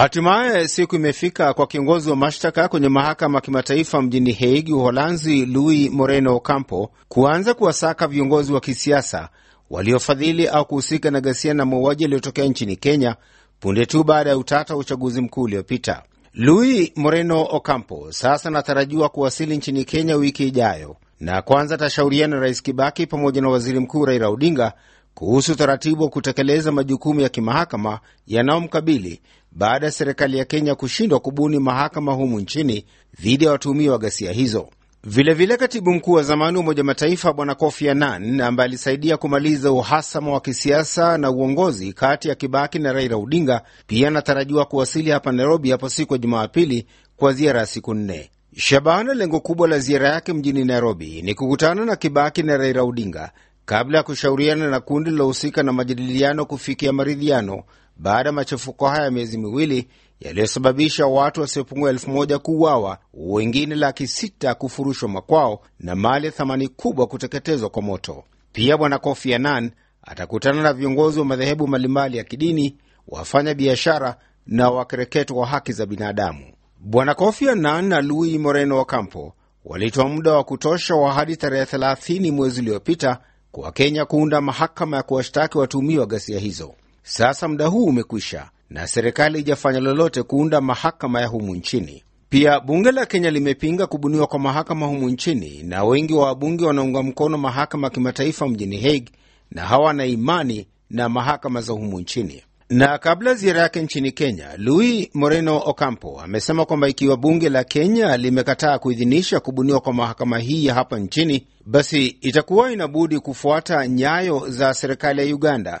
Hatimaye siku imefika kwa kiongozi wa mashtaka kwenye mahakama ya kimataifa mjini Hague, Uholanzi, Luis Moreno ocampo kuanza kuwasaka viongozi wa kisiasa waliofadhili au kuhusika na ghasia na mauaji yaliyotokea nchini Kenya punde tu baada ya utata wa uchaguzi mkuu uliopita. Luis Moreno Ocampo sasa anatarajiwa kuwasili nchini Kenya wiki ijayo, na kwanza atashauriana na Rais Kibaki pamoja na Waziri Mkuu Raila Odinga kuhusu utaratibu wa kutekeleza majukumu ya kimahakama yanayomkabili baada ya serikali ya Kenya kushindwa kubuni mahakama humu nchini dhidi ya watuhumiwa wa ghasia hizo. Vilevile vile katibu mkuu wa zamani wa Umoja Mataifa Bwana Kofi Annan ambaye alisaidia kumaliza uhasama wa kisiasa na uongozi kati ya Kibaki na Raila Odinga pia anatarajiwa kuwasili hapa Nairobi hapo siku ya Jumapili kwa ziara ya siku nne. Shabana lengo kubwa la ziara yake mjini Nairobi ni kukutana na Kibaki na Raila Odinga kabla ya kushauriana na kundi lilohusika na majadiliano kufikia maridhiano baada ya machafuko haya ya miezi miwili yaliyosababisha watu wasiopungua elfu moja kuuawa, wengine laki sita kufurushwa makwao na mali ya thamani kubwa kuteketezwa kwa moto. Pia Bwana Kofi Annan atakutana na viongozi wa madhehebu mbalimbali ya kidini, wafanya biashara na wakereketo wa haki za binadamu. Bwana Kofi Annan na Luis Moreno Ocampo walitoa muda wa kutosha wa hadi tarehe 30 mwezi uliopita kwa Kenya kuunda mahakama ya kuwashtaki watuhumiwa ghasia hizo. Sasa muda huu umekwisha na serikali ijafanya lolote kuunda mahakama ya humu nchini. Pia bunge la Kenya limepinga kubuniwa kwa mahakama humu nchini, na wengi wa wabunge wanaunga mkono mahakama ya kimataifa mjini Hague na hawana imani na mahakama za humu nchini. Na kabla ziara yake nchini Kenya, Luis Moreno Ocampo amesema kwamba ikiwa bunge la Kenya limekataa kuidhinisha kubuniwa kwa mahakama hii ya hapa nchini, basi itakuwa inabudi kufuata nyayo za serikali ya Uganda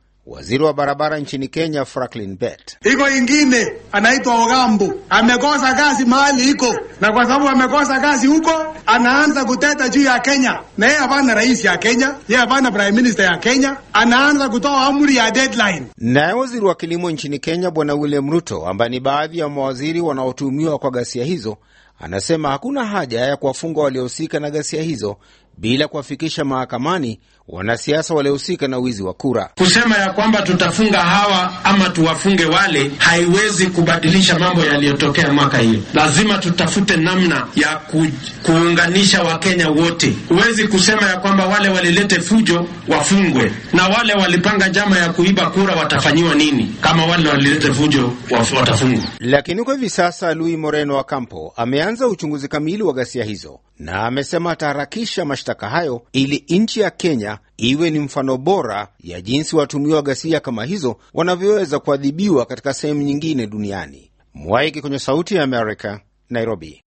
Waziri wa barabara nchini Kenya Franklin Bet, iko ingine anaitwa Ogambo amekosa kazi mahali iko, na kwa sababu amekosa kazi huko anaanza kuteta juu ya Kenya, na yeye hapana rais ya Kenya, yeye hapana prime minister ya Kenya, anaanza kutoa amri ya deadline. Naye waziri wa kilimo nchini Kenya Bwana William Ruto, ambaye ni baadhi ya mawaziri wanaotuhumiwa kwa ghasia hizo anasema hakuna haja ya kuwafunga waliohusika na ghasia hizo bila kuwafikisha mahakamani wanasiasa waliohusika na wizi wa kura. Kusema ya kwamba tutafunga hawa ama tuwafunge wale haiwezi kubadilisha mambo yaliyotokea mwaka hiyo. Lazima tutafute namna ya ku, kuunganisha Wakenya wote. Huwezi kusema ya kwamba wale walilete fujo wafungwe na wale walipanga njama ya kuiba kura watafanyiwa nini kama wale walilete fujo watafungwa. Lakini kwa hivi sasa Luis Moreno wa Campo amea kuanza uchunguzi kamili wa ghasia hizo, na amesema ataharakisha mashtaka hayo ili nchi ya Kenya iwe ni mfano bora ya jinsi watumiwa ghasia kama hizo wanavyoweza kuadhibiwa katika sehemu nyingine duniani. Mwaiki kwenye Sauti ya Amerika, Nairobi.